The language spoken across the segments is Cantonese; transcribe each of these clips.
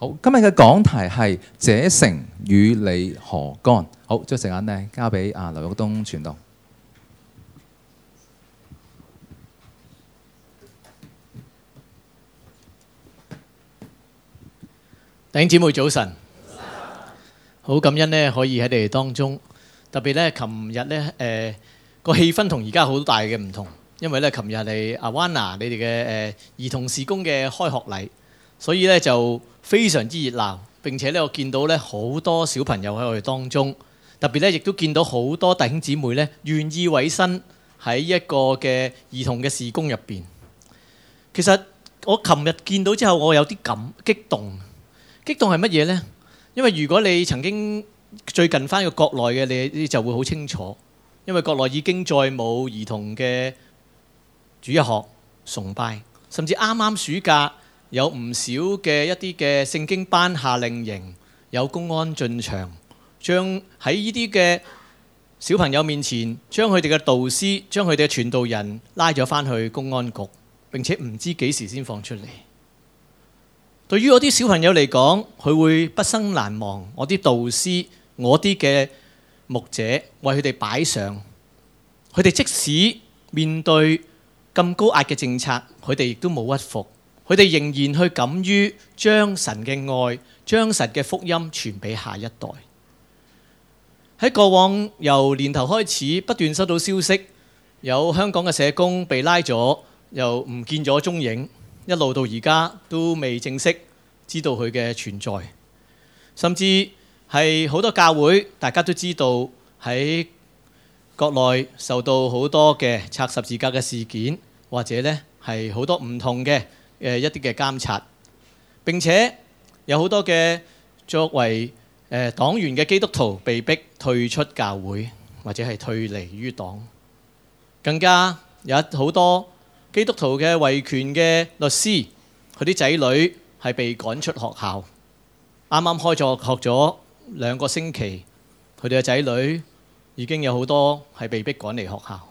好，今日嘅講題係《這城與你何干》。好，將時間，交俾啊劉旭東傳道。弟兄姊妹早晨，好感恩咧，可以喺你哋當中，特別咧，琴日咧，誒個氣氛同而家好大嘅唔同，因為咧，琴日係啊彎娜你哋嘅誒兒童事工嘅開學禮。所以咧就非常之熱鬧，並且咧我見到咧好多小朋友喺我哋當中，特別咧亦都見到好多弟兄姊妹咧願意委身喺一個嘅兒童嘅事工入邊。其實我琴日見到之後，我有啲感激動，激動係乜嘢咧？因為如果你曾經最近返過國內嘅，你就會好清楚，因為國內已經再冇兒童嘅主日學崇拜，甚至啱啱暑假。有唔少嘅一啲嘅聖經班夏令營，有公安進場，將喺呢啲嘅小朋友面前，將佢哋嘅導師、將佢哋嘅傳道人拉咗翻去公安局，並且唔知幾時先放出嚟。對於我啲小朋友嚟講，佢會畢生難忘。我啲導師、我啲嘅牧者為佢哋擺上，佢哋即使面對咁高壓嘅政策，佢哋亦都冇屈服。佢哋仍然去敢於將神嘅愛、將神嘅福音傳俾下一代。喺過往由年頭開始不斷收到消息，有香港嘅社工被拉咗，又唔見咗蹤影，一路到而家都未正式知道佢嘅存在。甚至係好多教會，大家都知道喺國內受到好多嘅拆十字架嘅事件，或者呢係好多唔同嘅。誒一啲嘅監察，並且有好多嘅作為誒黨員嘅基督徒被逼退出教會，或者係退離於黨。更加有好多基督徒嘅維權嘅律師，佢啲仔女係被趕出學校。啱啱開咗學咗兩個星期，佢哋嘅仔女已經有好多係被逼趕嚟學校。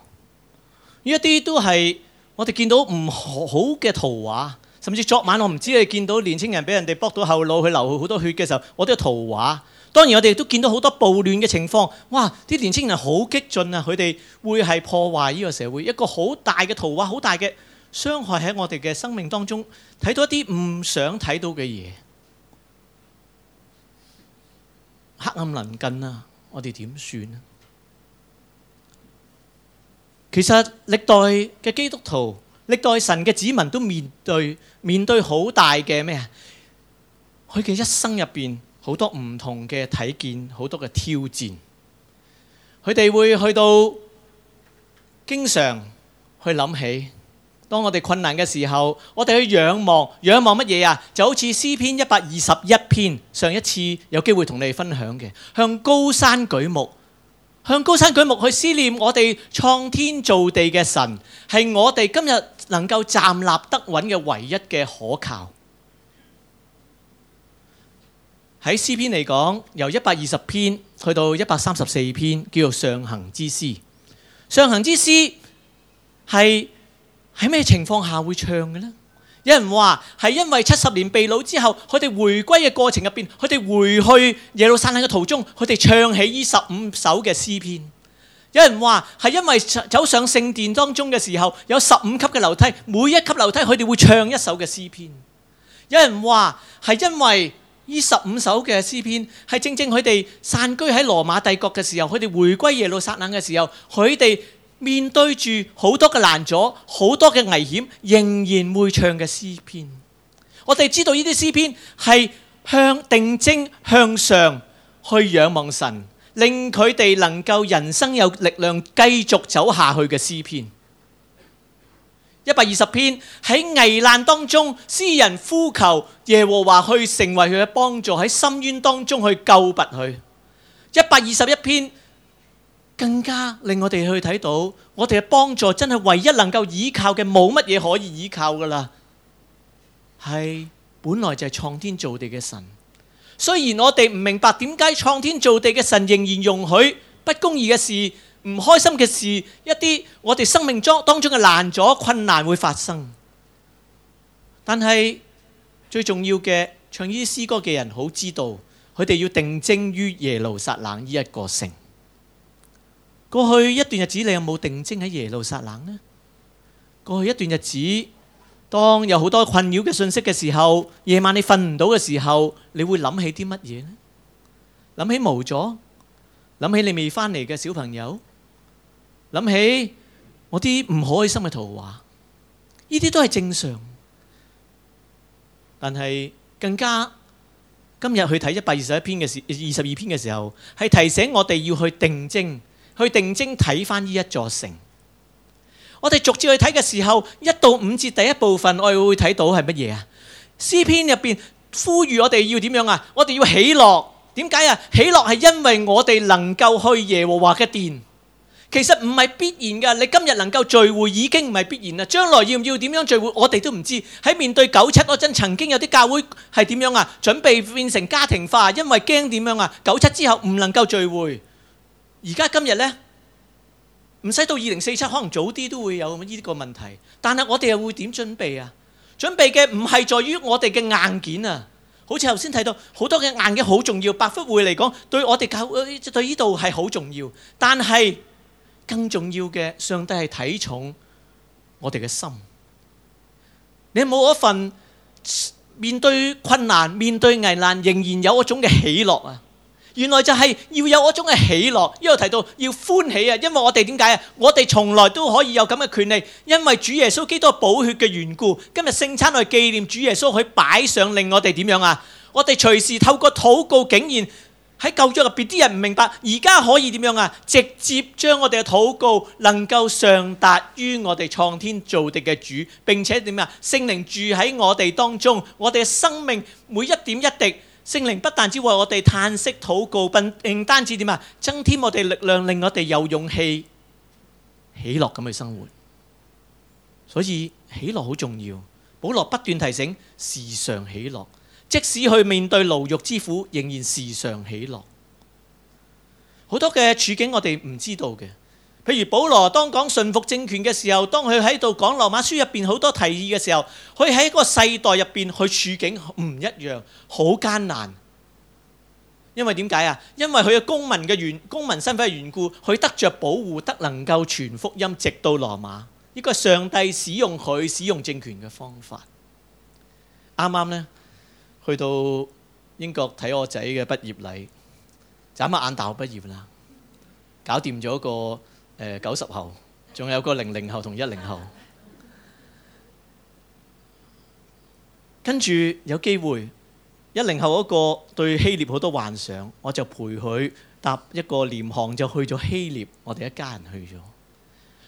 呢一啲都係我哋見到唔好嘅圖畫。甚至昨晚我唔知你見到年青人俾人哋剝到後腦，佢流好多血嘅時候，我都係圖畫。當然我哋都見到好多暴亂嘅情況。哇！啲年青人好激進啊，佢哋會係破壞呢個社會，一個好大嘅圖畫，好大嘅傷害喺我哋嘅生命當中。睇到一啲唔想睇到嘅嘢，黑暗臨近啊！我哋點算咧？其實歷代嘅基督徒。歷代神嘅子民都面對面對好大嘅咩啊？佢嘅一生入面好多唔同嘅體驗，好多嘅挑戰，佢哋會去到經常去諗起，當我哋困難嘅時候，我哋去仰望仰望乜嘢啊？就好似詩篇一百二十一篇，上一次有機會同你哋分享嘅，向高山舉目，向高山舉目去思念我哋創天造地嘅神，係我哋今日。能夠站立得穩嘅唯一嘅可靠，喺詩篇嚟講，由一百二十篇去到一百三十四篇，叫做上行之詩。上行之詩係喺咩情況下會唱嘅呢？有人話係因為七十年被擄之後，佢哋回歸嘅過程入邊，佢哋回去耶路撒冷嘅途中，佢哋唱起呢十五首嘅詩篇。有人話係因為走上聖殿當中嘅時候，有十五級嘅樓梯，每一級樓梯佢哋會唱一首嘅詩篇。有人話係因為呢十五首嘅詩篇係正正佢哋散居喺羅馬帝國嘅時候，佢哋回歸耶路撒冷嘅時候，佢哋面對住好多嘅攔阻、好多嘅危險，仍然會唱嘅詩篇。我哋知道呢啲詩篇係向定睛向上去仰望神。令佢哋能夠人生有力量繼續走下去嘅詩篇，一百二十篇喺危難當中，詩人呼求耶和華去成為佢嘅幫助，喺深淵當中去救拔佢。一百二十一篇更加令我哋去睇到，我哋嘅幫助真係唯一能夠倚靠嘅，冇乜嘢可以倚靠㗎喇，係本來就係創天造地嘅神。雖然我哋唔明白點解創天造地嘅神仍然容許不公義嘅事、唔開心嘅事、一啲我哋生命中當中嘅難咗困難會發生，但係最重要嘅唱呢啲詩歌嘅人好知道，佢哋要定睛於耶路撒冷呢一個城。過去一段日子，你有冇定睛喺耶路撒冷呢？過去一段日子。當有好多困擾嘅信息嘅時候，夜晚你瞓唔到嘅時候，你會諗起啲乜嘢呢？諗起無助，諗起你未翻嚟嘅小朋友，諗起我啲唔開心嘅圖畫，呢啲都係正常。但係更加今日去睇一百二十一篇嘅時，二十二篇嘅時候，係提醒我哋要去定睛，去定睛睇翻呢一座城。我哋逐節去睇嘅時候，一到五節第一部分我哋會睇到係乜嘢啊？詩篇入邊呼籲我哋要點樣啊？我哋要喜樂，點解啊？喜樂係因為我哋能夠去耶和華嘅殿。其實唔係必然㗎，你今日能夠聚會已經唔係必然啦。將來要唔要點樣聚會，我哋都唔知。喺面對九七嗰陣，曾經有啲教會係點樣啊？準備變成家庭化，因為驚點樣啊？九七之後唔能夠聚會，而家今日呢。唔使到二零四七，可能早啲都會有呢個問題。但係我哋又會點準備啊？準備嘅唔係在於我哋嘅硬件啊，好似頭先睇到好多嘅硬件好重要。睦福會嚟講，對我哋教對呢度係好重要。但係更重要嘅，上帝係睇重我哋嘅心。你冇嗰份面對困難、面對危難，仍然有一種嘅喜樂啊！原來就係要有嗰種嘅喜樂，因為我提到要歡喜啊，因為我哋點解啊？我哋從來都可以有咁嘅權利，因為主耶穌基督寶血嘅緣故。今日聖餐去紀念主耶穌，可以擺上令我哋點樣啊？我哋隨時透過禱告，竟然喺舊約入邊啲人唔明白，而家可以點樣啊？直接將我哋嘅禱告能夠上達於我哋創天造地嘅主，並且點咩啊？聖靈住喺我哋當中，我哋嘅生命每一點一滴。聖靈不但只為我哋嘆息禱告，並唔單止點啊，增添我哋力量，令我哋有勇氣喜樂咁去生活。所以喜樂好重要。保羅不斷提醒時常喜樂，即使去面對牢獄之苦，仍然時常喜樂。好多嘅處境我哋唔知道嘅。譬如保羅當講順服政權嘅時候，當佢喺度講羅馬書入邊好多提議嘅時候，佢喺個世代入邊佢處境唔一樣，好艱難。因為點解啊？因為佢嘅公民嘅緣公民身份嘅緣故，佢得着保護，得能夠傳福音直到羅馬。呢個係上帝使用佢使用政權嘅方法。啱啱呢，去到英國睇我仔嘅畢業禮，眨下眼，大學畢業啦，搞掂咗個。誒，九十後，仲有個零零後同一零後，跟住有機會，一零後嗰個對希臘好多幻想，我就陪佢搭一個廉航就去咗希臘，我哋一家人去咗，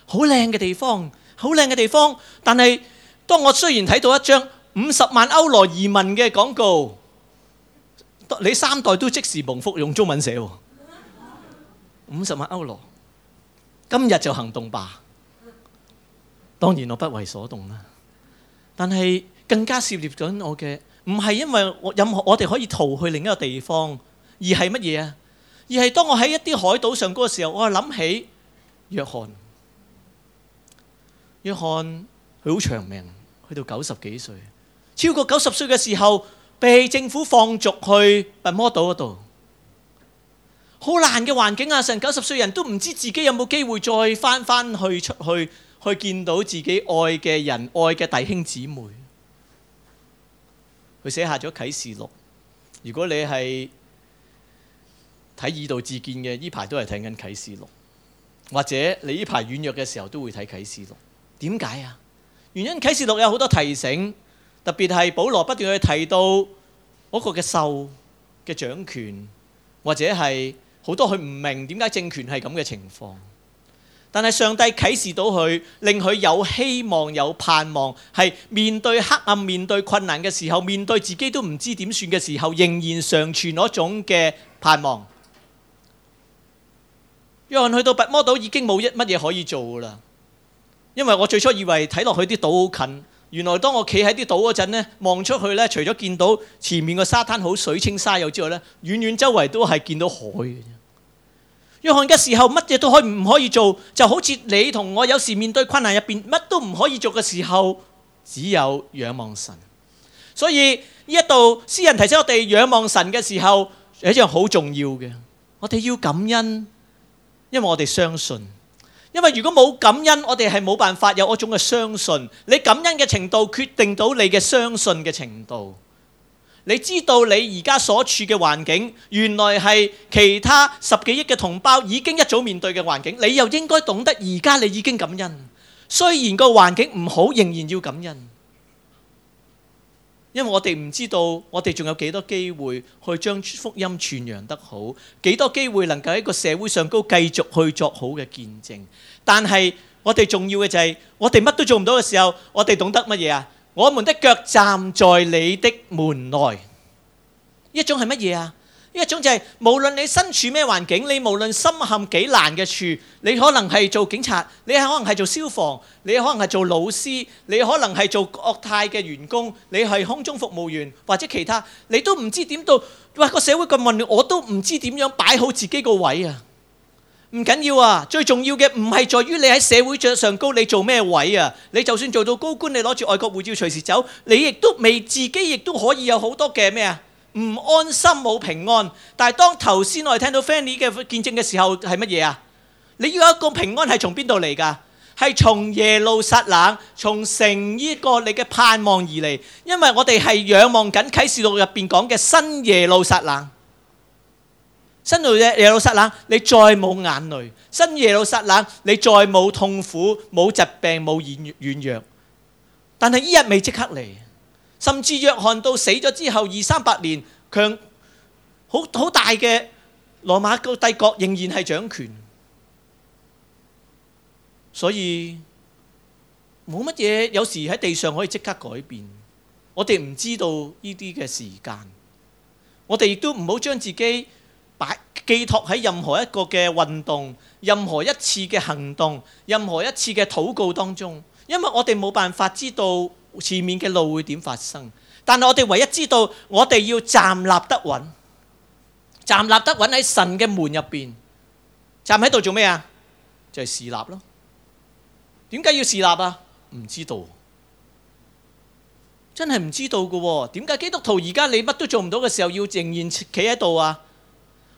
好靚嘅地方，好靚嘅地方。但係當我雖然睇到一張五十萬歐羅移民嘅廣告，你三代都即時蒙福用，用中文寫喎，五十萬歐羅。今日就行動吧。當然我不為所動啦。但係更加涉獵緊我嘅，唔係因為我任何我哋可以逃去另一個地方，而係乜嘢啊？而係當我喺一啲海島上嗰個時候，我係諗起約翰。約翰佢好長命，去到九十幾歲，超過九十歲嘅時候被政府放逐去拔摩島嗰度。好難嘅環境啊！成九十歲人都唔知自己有冇機會再翻翻去出去，去見到自己愛嘅人、愛嘅弟兄姊妹。佢寫下咗啟示錄。如果你係睇爾道自建嘅，呢排都係睇緊啟示錄，或者你呢排軟弱嘅時候都會睇啟示錄。點解啊？原因啟示錄有好多提醒，特別係保羅不斷去提到嗰個嘅獸嘅掌權，或者係。好多佢唔明點解政權係咁嘅情況，但係上帝啟示到佢，令佢有希望、有盼望，係面對黑暗、面對困難嘅時候，面對自己都唔知點算嘅時候，仍然尚存嗰種嘅盼望。約翰去到拔摩島已經冇乜嘢可以做噶啦，因為我最初以為睇落去啲島好近。原來當我企喺啲島嗰陣呢，望出去呢，除咗見到前面個沙灘好水清沙幼之外呢，遠遠周圍都係見到海嘅啫。約翰嘅時候，乜嘢都可以唔可以做，就好似你同我有時面對困難入邊，乜都唔可以做嘅時候，只有仰望神。所以呢一度詩人提醒我哋仰望神嘅時候，有一樣好重要嘅，我哋要感恩，因為我哋相信。因為如果冇感恩，我哋係冇辦法有嗰種嘅相信。你感恩嘅程度，決定到你嘅相信嘅程度。你知道你而家所處嘅環境，原來係其他十幾億嘅同胞已經一早面對嘅環境。你又應該懂得，而家你已經感恩。雖然個環境唔好，仍然要感恩。因為我哋唔知道，我哋仲有幾多機會去將福音傳揚得好，幾多機會能夠喺個社會上高繼續去作好嘅見證。但係我哋重要嘅就係，是，我哋乜都做唔到嘅時候，我哋懂得乜嘢啊？我們的腳站在你的門內，一種係乜嘢啊？一種就係，無論你身處咩環境，你無論深陷幾難嘅處，你可能係做警察，你可能係做消防，你可能係做老師，你可能係做國泰嘅員工，你係空中服務員或者其他，你都唔知點到。哇！個社會咁混亂，我都唔知點樣擺好自己個位啊！唔緊要啊，最重要嘅唔係在於你喺社會上高，你做咩位啊？你就算做到高官，你攞住外國護照隨時走，你亦都未自己亦都可以有好多嘅咩啊？唔安心冇平安，但係當頭先我哋聽到 Fanny 嘅見證嘅時候係乜嘢啊？你要一個平安係從邊度嚟㗎？係從耶路撒冷，從成呢個你嘅盼望而嚟。因為我哋係仰望緊啟示錄入邊講嘅新耶路撒冷，新嘅耶路撒冷，你再冇眼淚，新耶路撒冷，你再冇痛苦、冇疾病、冇軟軟弱，但係依日未即刻嚟。甚至約翰到死咗之後二三百年，強好好大嘅羅馬帝國仍然係掌權，所以冇乜嘢有時喺地上可以即刻改變，我哋唔知道呢啲嘅時間，我哋亦都唔好將自己擺寄託喺任何一個嘅運動、任何一次嘅行動、任何一次嘅禱告當中，因為我哋冇辦法知道。前面嘅路會點發生？但係我哋唯一知道，我哋要站立得穩，站立得穩喺神嘅門入邊，站喺度做咩啊？就係侍立咯。點解要侍立啊？唔知道，真係唔知道噶。點解基督徒而家你乜都做唔到嘅時候，要仍然企喺度啊？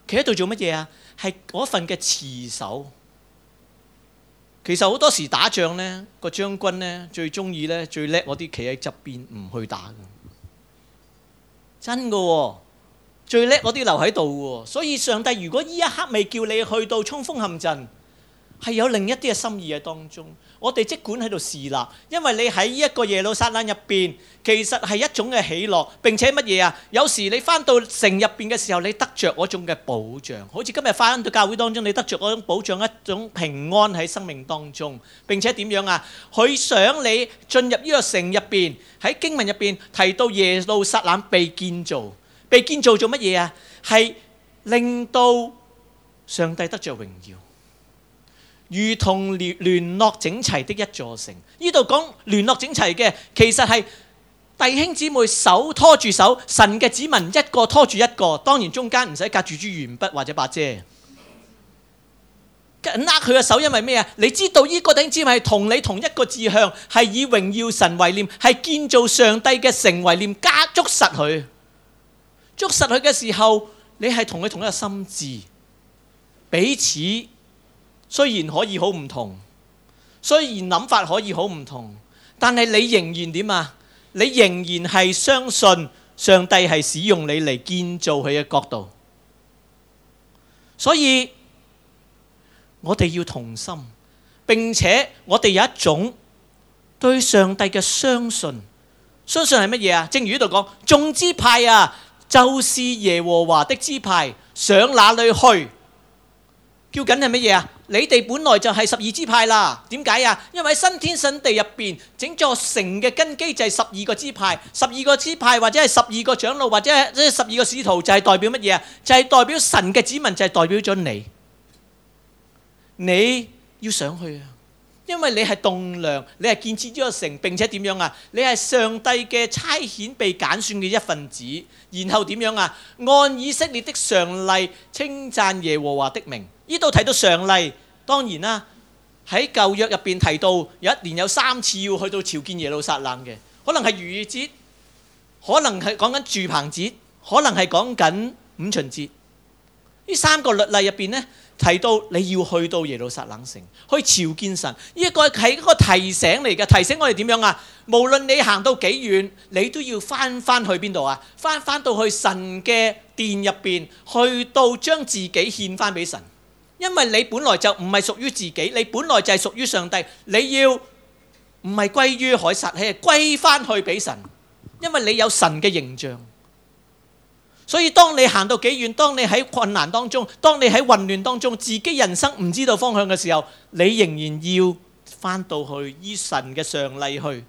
企喺度做乜嘢啊？係嗰份嘅持守。其實好多時打仗呢個將軍呢，最中意呢，最叻嗰啲企喺側邊唔去打真㗎喎、哦，最叻嗰啲留喺度喎，所以上帝如果呢一刻未叫你去到衝鋒陷陣，係有另一啲嘅心意喺當中。我哋即管喺度試啦，因為你喺呢一個耶路撒冷入邊，其實係一種嘅喜樂。並且乜嘢啊？有時你翻到城入邊嘅時候，你得著嗰種嘅保障，好似今日翻到教會當中，你得著嗰種保障，一種平安喺生命當中。並且點樣啊？佢想你進入呢個城入邊，喺經文入邊提到耶路撒冷被建造，被建造做乜嘢啊？係令到上帝得著榮耀。如同聯聯絡整齊的一座城，呢度講聯絡整齊嘅，其實係弟兄姊妹手，手拖住手，神嘅指紋一個拖住一個，當然中間唔使隔住支鉛筆或者把遮。握佢嘅手，因為咩啊？你知道呢個弟兄姊妹同你同一個志向，係以榮耀神為念，係建造上帝嘅城為念，加捉實佢。捉實佢嘅時候，你係同佢同一個心智，彼此。雖然可以好唔同，雖然諗法可以好唔同，但係你仍然點啊？你仍然係相信上帝係使用你嚟建造佢嘅角度，所以我哋要同心，並且我哋有一種對上帝嘅相信。相信係乜嘢啊？正如呢度講，眾支派啊，就是耶和華的支派，上哪裏去？究竟係乜嘢啊？你哋本來就係十二支派啦，點解啊？因為喺新天新地入邊，整座城嘅根基就係十二個支派，十二個支派或者係十二個長老或者係十二個使徒就，就係代表乜嘢啊？就係代表神嘅子民就係、是、代表咗你，你要上去啊！因為你係棟樑，你係建設呢個城，並且點樣啊？你係上帝嘅差遣被揀選嘅一份子，然後點樣啊？按以色列的常例稱讚耶和華的名。呢度睇到常例，當然啦，喺舊約入邊提到有一年有三次要去到朝見耶路撒冷嘅，可能係逾越節，可能係講緊住棚節，可能係講緊五旬節。呢三個律例入邊呢，提到你要去到耶路撒冷城去朝見神，呢個係一個提醒嚟嘅，提醒我哋點樣啊？無論你行到幾遠，你都要翻翻去邊度啊？翻翻到去神嘅殿入邊，去到將自己獻翻俾神。因為你本來就唔係屬於自己，你本來就係屬於上帝。你要唔係歸於凱撒，係歸翻去俾神。因為你有神嘅形象，所以當你行到幾遠，當你喺困難當中，當你喺混亂當中，自己人生唔知道方向嘅時候，你仍然要翻到去依神嘅常例去。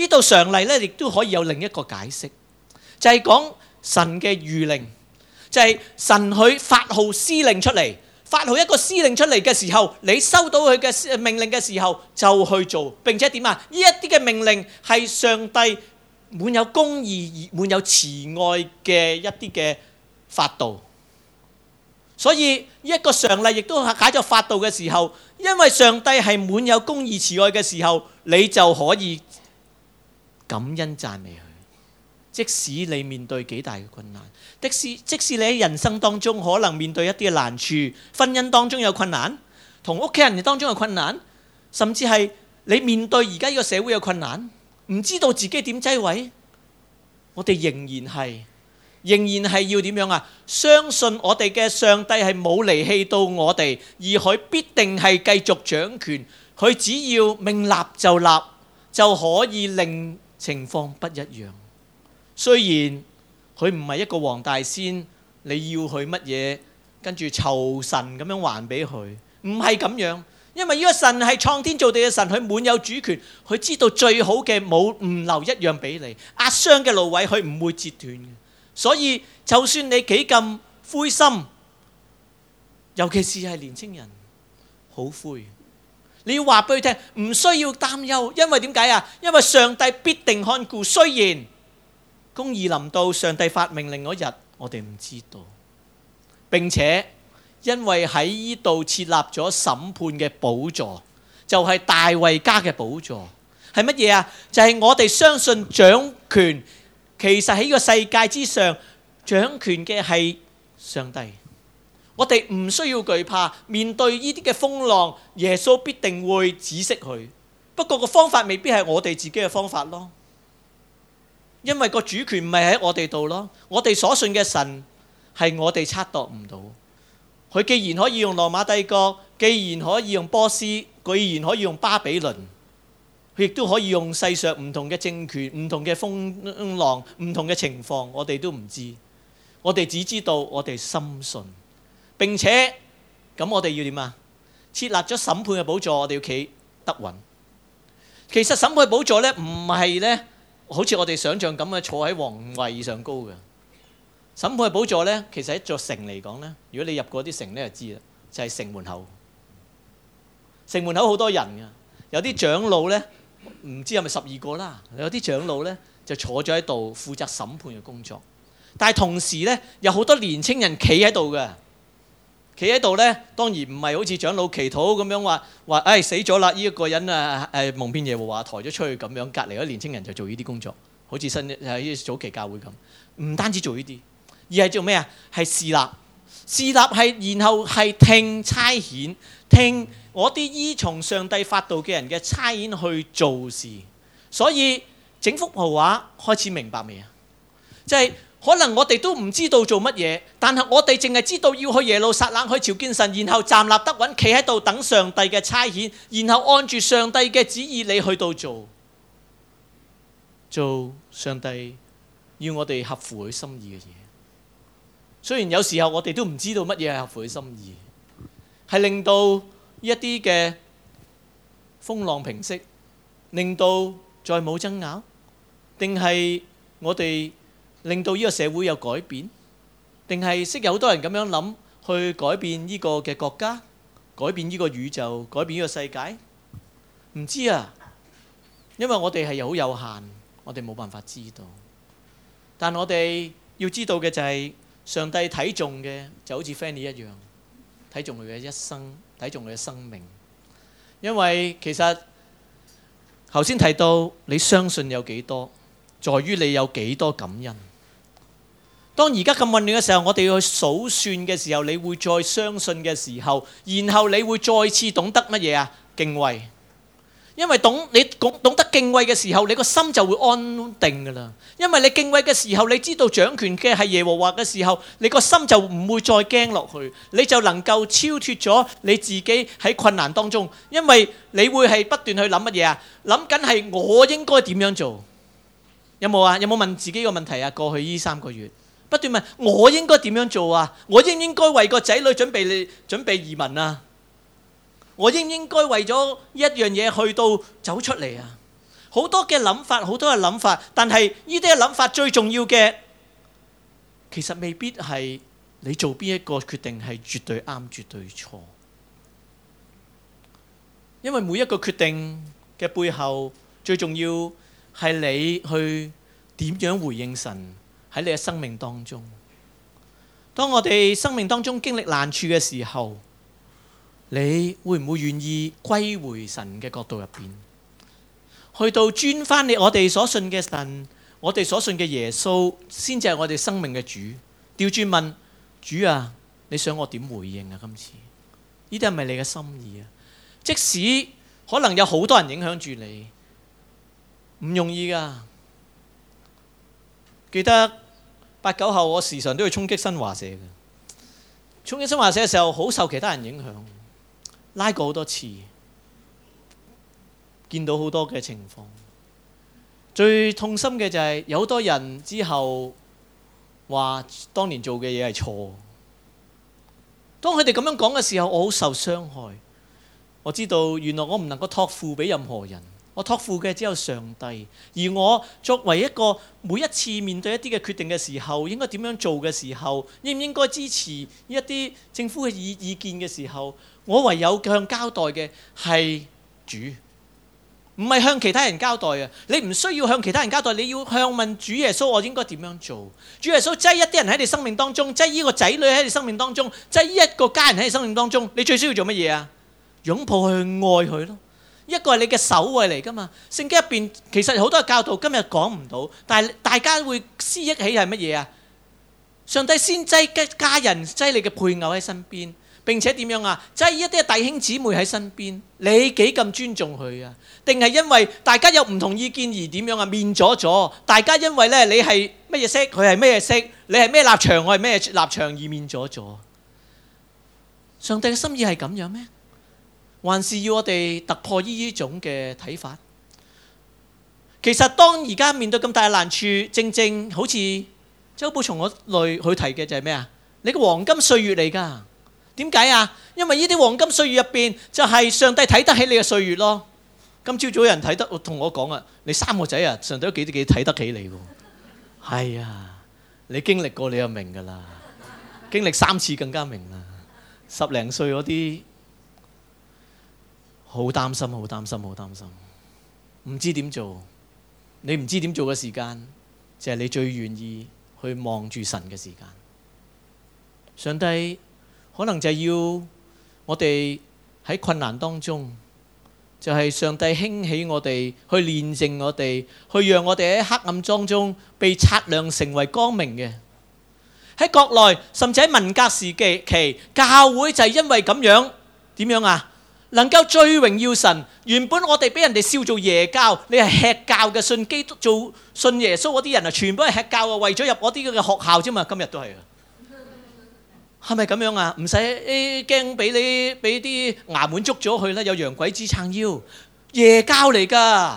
依度常例咧，亦都可以有另一個解釋，就係講神嘅諭令，就係神去發號施令出嚟。發號一個司令出嚟嘅時候，你收到佢嘅命令嘅時候就去做，並且點啊？呢一啲嘅命令係上帝滿有公義而滿有慈愛嘅一啲嘅法度。所以一個上例亦都解咗法度嘅時候，因為上帝係滿有公義、慈愛嘅時候，你就可以感恩讚美佢。即使你面對幾大嘅困難，即使即使你喺人生當中可能面對一啲嘅難處，婚姻當中有困難，同屋企人當中有困難，甚至係你面對而家呢個社會有困難，唔知道自己點擠位，我哋仍然係仍然係要點樣啊？相信我哋嘅上帝係冇離棄到我哋，而佢必定係繼續掌權。佢只要命立就立，就可以令情況不一樣。雖然佢唔係一個黃大仙，你要佢乜嘢，跟住酬神咁樣還俾佢，唔係咁樣。因為呢個神係創天造地嘅神，佢滿有主權，佢知道最好嘅冇唔留一樣俾你，壓傷嘅蘆葦，佢唔會折斷。所以就算你幾咁灰心，尤其是係年青人，好灰。你要話俾佢聽，唔需要擔憂，因為點解啊？因為上帝必定看顧。雖然公義臨到上帝發命令嗰日，我哋唔知道。並且因為喺依度設立咗審判嘅寶座，就係、是、大衛家嘅寶座。係乜嘢啊？就係、是、我哋相信掌權其實喺呢個世界之上掌權嘅係上帝。我哋唔需要懼怕面對呢啲嘅風浪，耶穌必定會止息佢。不過個方法未必係我哋自己嘅方法咯。因為個主權唔係喺我哋度咯，我哋所信嘅神係我哋測度唔到。佢既然可以用羅馬帝國，既然可以用波斯，居然可以用巴比倫，佢亦都可以用世上唔同嘅政權、唔同嘅風浪、唔同嘅情況，我哋都唔知。我哋只知道我哋深信。並且咁，我哋要點啊？設立咗審判嘅寶座，我哋要企得穩。其實審判嘅寶座呢，唔係呢。好似我哋想象咁樣坐喺皇位上高嘅審判嘅寶座咧，其實一座城嚟講咧，如果你入過啲城咧就知啦，就係城門口。城門口好多人㗎，有啲長老咧唔知係咪十二個啦，有啲長老咧就坐咗喺度負責審判嘅工作，但係同時咧有好多年青人企喺度嘅。企喺度呢，當然唔係好似長老祈禱咁樣話、這個、話，唉，死咗啦！呢一個人啊，誒蒙面夜話抬咗出去咁樣，隔離嗰年青人就做呢啲工作，好似新、啊、早期教會咁。唔單止做呢啲，而係做咩啊？係侍立，侍立係然後係聽差遣，聽我啲依從上帝法度嘅人嘅差遣去做事。所以整幅圖畫開始明白未啊？即、就、係、是。可能我哋都唔知道做乜嘢，但係我哋淨係知道要去耶路撒冷去朝見神，然後站立得穩，企喺度等上帝嘅差遣，然後按住上帝嘅旨意，你去到做，做上帝要我哋合乎佢心意嘅嘢。雖然有時候我哋都唔知道乜嘢係合乎佢心意，係令到一啲嘅風浪平息，令到再冇爭拗，定係我哋。令到呢個社會有改變，定係識有好多人咁樣諗去改變呢個嘅國家、改變呢個宇宙、改變呢個世界？唔知啊，因為我哋係又好有限，我哋冇辦法知道。但我哋要知道嘅就係上帝睇重嘅就好似 Fanny 一樣，睇重佢嘅一生，睇重佢嘅生命。因為其實頭先提到，你相信有幾多，在於你有幾多感恩。當而家咁混亂嘅時候，我哋要去數算嘅時候，你會再相信嘅時候，然後你會再次懂得乜嘢啊？敬畏，因為懂你懂懂得敬畏嘅時候，你個心就會安定噶啦。因為你敬畏嘅時候，你知道掌權嘅係耶和華嘅時候，你個心就唔會再驚落去，你就能夠超脱咗你自己喺困難當中。因為你會係不斷去諗乜嘢啊？諗緊係我應該點樣做？有冇啊？有冇問自己個問題啊？過去呢三個月？不斷問，我應該點樣做啊？我應唔應該為個仔女準備你準備移民啊？我應唔應該為咗一樣嘢去到走出嚟啊？好多嘅諗法，好多嘅諗法，但係呢啲嘅諗法最重要嘅，其實未必係你做邊一個決定係絕對啱絕對錯，因為每一個決定嘅背後最重要係你去點樣回應神。喺你嘅生命當中，當我哋生命當中經歷難處嘅時候，你會唔會願意歸回神嘅角度入邊，去到尊翻你我哋所信嘅神，我哋所信嘅耶穌，先至係我哋生命嘅主。調轉問，主啊，你想我點回應啊？今次，呢啲係咪你嘅心意啊？即使可能有好多人影響住你，唔容易噶。記得八九後，我時常都要衝擊新華社嘅。衝擊新華社嘅時候，好受其他人影響，拉過好多次，見到好多嘅情況。最痛心嘅就係、是、有好多人之後話，當年做嘅嘢係錯。當佢哋咁樣講嘅時候，我好受傷害。我知道原來我唔能夠托付俾任何人。我託付嘅只有上帝，而我作為一個每一次面對一啲嘅決定嘅時候，應該點樣做嘅時候，應唔應該支持一啲政府嘅意意見嘅時候，我唯有向交代嘅係主，唔係向其他人交代啊！你唔需要向其他人交代，你要向問主耶穌我應該點樣做？主耶穌擠一啲人喺你生命當中，擠依個仔女喺你生命當中，擠一個家人喺你生命當中，你最需要做乜嘢啊？擁抱去愛佢咯。一個係你嘅守衛嚟噶嘛？聖經入邊其實好多教導，今日講唔到，但係大家會思憶起係乜嘢啊？上帝先擠一家人擠你嘅配偶喺身邊，並且點樣啊？擠一啲弟兄姊妹喺身邊，你幾咁尊重佢啊？定係因為大家有唔同意見而點樣啊？面咗咗，大家因為咧你係乜嘢色，佢係咩色，你係咩立場，我係咩立場而面咗咗？上帝嘅心意係咁樣咩？還是要我哋突破依依種嘅睇法。其實當而家面對咁大嘅難處，正正好似周寶松嗰類佢提嘅就係咩啊？你個黃金歲月嚟㗎。點解啊？因為呢啲黃金歲月入邊就係上帝睇得起你嘅歲月咯。今朝早有人睇得，同我講啊，你三個仔啊，上帝都幾幾睇得起你㗎。係、哎、啊，你經歷過你就明㗎啦。經歷三次更加明啦。十零歲嗰啲。好擔心，好擔心，好擔心，唔知點做。你唔知點做嘅時間，就係你最願意去望住神嘅時間。上帝可能就係要我哋喺困難當中，就係上帝興起我哋，去煉淨我哋，去讓我哋喺黑暗當中被擦亮，成為光明嘅。喺國內甚至喺文革時期，教會就係因為咁樣，點樣啊？能夠最榮耀神，原本我哋俾人哋笑做耶教，你係吃教嘅，信基督做信耶穌嗰啲人啊，全部都係吃教啊，為咗入嗰啲嘅學校啫嘛，今日都係，係咪咁樣啊？唔使驚俾你俾啲衙門捉咗去咧，有洋鬼子撐腰耶教嚟㗎。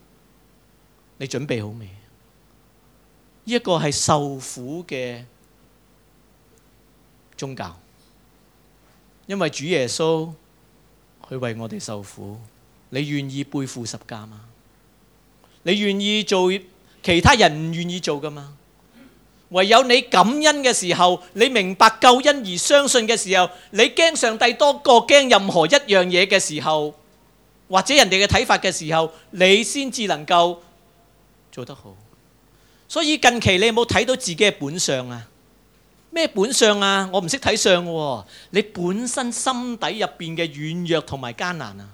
你準備好未？呢一個係受苦嘅宗教，因為主耶穌去為我哋受苦。你願意背負十架嗎？你願意做其他人唔願意做嘅嗎？唯有你感恩嘅時候，你明白救恩而相信嘅時候，你驚上帝多過驚任何一樣嘢嘅時候，或者人哋嘅睇法嘅時候，你先至能夠。做得好，所以近期你有冇睇到自己嘅本相啊？咩本相啊？我唔識睇相喎。啊，你本身心底入邊嘅軟弱同埋艱難啊！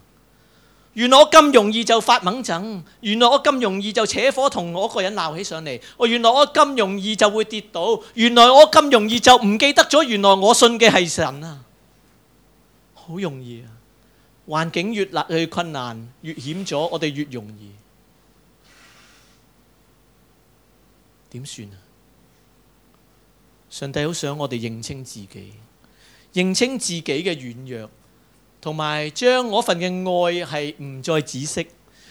原來我咁容易就發猛症，原來我咁容易就扯火同我一個人鬧起上嚟，哦，原來我咁容易就會跌倒，原來我咁容易就唔記得咗，原來我信嘅係神啊！好容易啊，環境越難去困難越險咗，我哋越容易。點算啊？上帝好想我哋認清自己，認清自己嘅軟弱，同埋將我份嘅愛係唔再自私。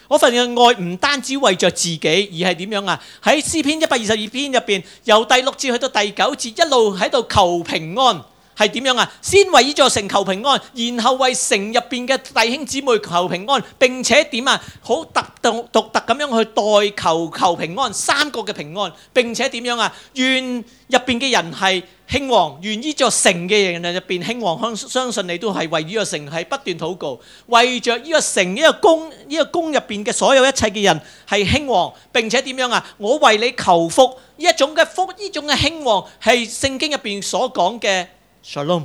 我份嘅愛唔單止為着自己，而係點樣啊？喺詩篇一百二十二篇入邊，由第六節去到第九節，一路喺度求平安。係點樣啊？先為依座城求平安，然後為城入邊嘅弟兄姊妹求平安。並且點啊？好特獨特咁樣去代求求平安，三個嘅平安。並且點樣啊？願入面嘅人係興旺，願依座城嘅人入邊興旺。相相信你都係為依個城係不斷禱告，為着依個城、依、這個宮、依、這個宮入面嘅所有一切嘅人係興旺。並且點樣啊？我為你求福，依一種嘅福，依種嘅興旺係聖經入面所講嘅。shalom，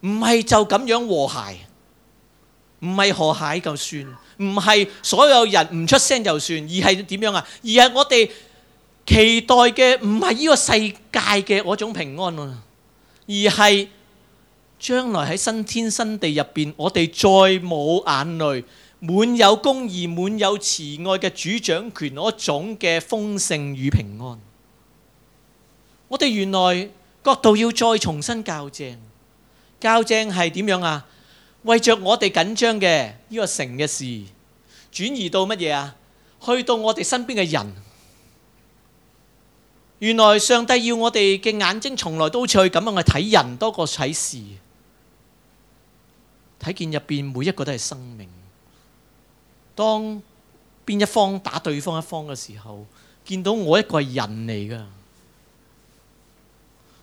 唔係就咁樣和諧，唔係和諧就算，唔係所有人唔出聲就算，而係點樣啊？而係我哋期待嘅唔係呢個世界嘅嗰種平安，而係將來喺新天新地入邊，我哋再冇眼淚，滿有公義、滿有慈愛嘅主掌權嗰種嘅豐盛與平安。我哋原來。角度要再重新校正，校正係點樣啊？為着我哋緊張嘅呢個城嘅事，轉移到乜嘢啊？去到我哋身邊嘅人，原來上帝要我哋嘅眼睛從來都好似去咁樣去睇人多過睇事，睇見入邊每一個都係生命。當邊一方打對方一方嘅時候，見到我一個係人嚟噶。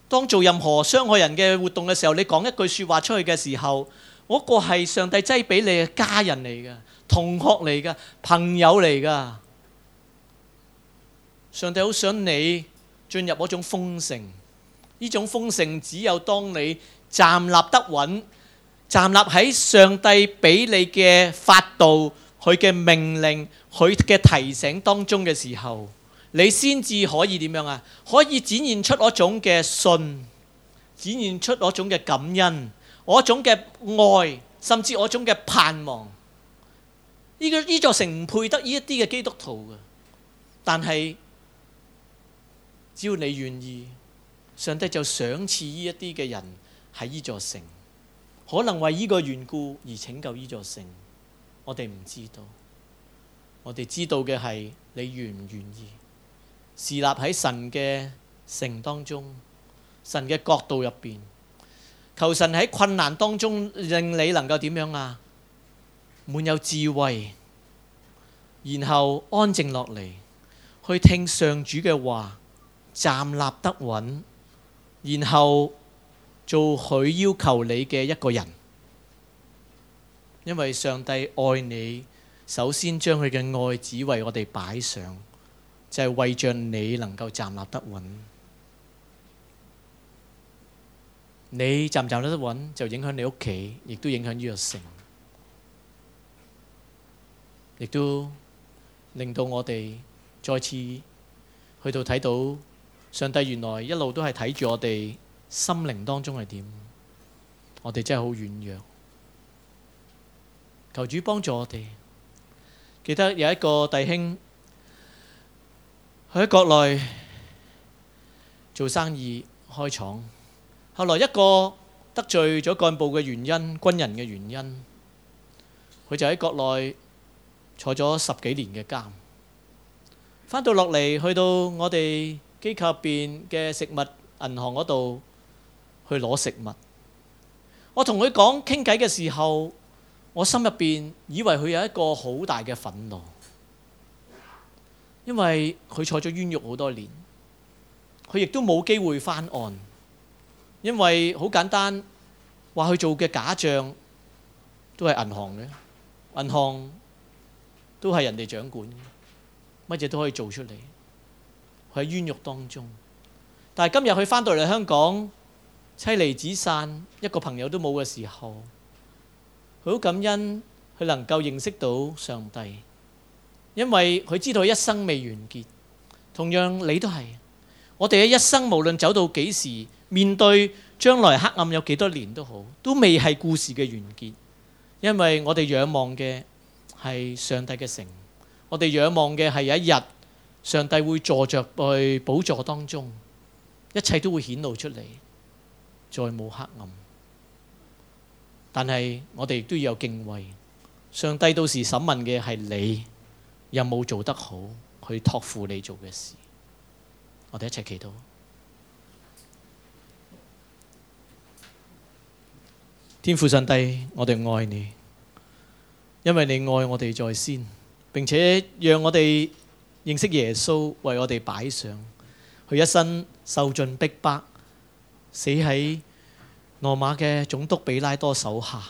當做任何傷害人嘅活動嘅時候，你講一句説話出去嘅時候，嗰、那個係上帝擠俾你嘅家人嚟嘅、同學嚟嘅、朋友嚟嘅。上帝好想你進入嗰種豐盛，呢種豐盛只有當你站立得穩，站立喺上帝俾你嘅法度、佢嘅命令、佢嘅提醒當中嘅時候。你先至可以點樣啊？可以展現出嗰種嘅信，展現出嗰種嘅感恩，嗰種嘅愛，甚至嗰種嘅盼望。呢、呢個呢座城唔配得呢一啲嘅基督徒嘅，但係只要你願意，上帝就賞賜呢一啲嘅人喺呢座城，可能為呢個緣故而拯救呢座城。我哋唔知道，我哋知道嘅係你願唔願意。設立喺神嘅城當中，神嘅國度入邊，求神喺困難當中令你能夠點樣啊？滿有智慧，然後安靜落嚟，去聽上主嘅話，站立得穩，然後做佢要求你嘅一個人。因為上帝愛你，首先將佢嘅愛子為我哋擺上。就係為著你能夠站立得穩，你站唔站得穩就影響你屋企，亦都影響呢個城，亦都令到我哋再次去到睇到上帝原來一路都係睇住我哋心靈當中係點，我哋真係好軟弱，求主幫助我哋。記得有一個弟兄。佢喺國內做生意、開廠，後來一個得罪咗幹部嘅原因、軍人嘅原因，佢就喺國內坐咗十幾年嘅監。返到落嚟，去到我哋機構入邊嘅食物銀行嗰度去攞食物。我同佢講傾偈嘅時候，我心入邊以為佢有一個好大嘅憤怒。因為佢坐咗冤獄好多年，佢亦都冇機會翻案，因為好簡單，話佢做嘅假帳都係銀行嘅，銀行都係人哋掌管，乜嘢都可以做出嚟。佢喺冤獄當中，但係今日佢返到嚟香港，妻離子散，一個朋友都冇嘅時候，佢好感恩佢能夠認識到上帝。因為佢知道一生未完結，同樣你都係。我哋嘅一生無論走到幾時，面對將來黑暗有幾多年都好，都未係故事嘅完結。因為我哋仰望嘅係上帝嘅城，我哋仰望嘅係有一日上帝會坐着去寶座當中，一切都會顯露出嚟，再冇黑暗。但係我哋亦都要有敬畏，上帝到時審問嘅係你。有冇做得好去託付你做嘅事？我哋一齊祈禱。天父上帝，我哋愛你，因為你愛我哋在先，並且讓我哋認識耶穌為我哋擺上。佢一生受盡逼迫，死喺羅馬嘅總督彼拉多手下。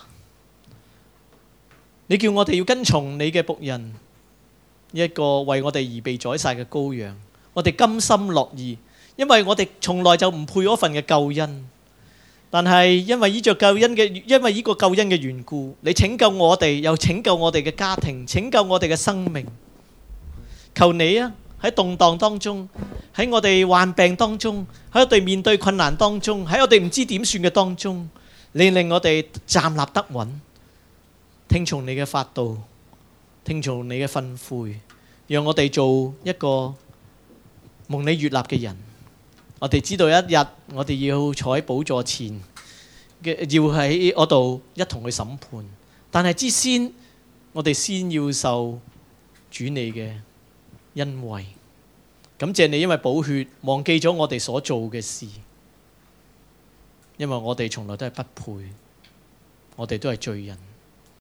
你叫我哋要跟從你嘅僕人。一個為我哋而被宰殺嘅羔羊，我哋甘心樂意，因為我哋從來就唔配嗰份嘅救恩。但係因為依著救恩嘅，因為依個救恩嘅緣故，你拯救我哋，又拯救我哋嘅家庭，拯救我哋嘅生命。求你啊，喺動盪當中，喺我哋患病當中，喺我哋面對困難當中，喺我哋唔知點算嘅當中，你令我哋站立得穩，聽從你嘅法度，聽從你嘅吩咐。讓我哋做一個蒙你悅納嘅人，我哋知道一日我哋要坐喺寶座前嘅，要喺嗰度一同去審判。但係之先，我哋先要受主你嘅恩惠。感謝你因為寶血，忘記咗我哋所做嘅事，因為我哋從來都係不配，我哋都係罪人。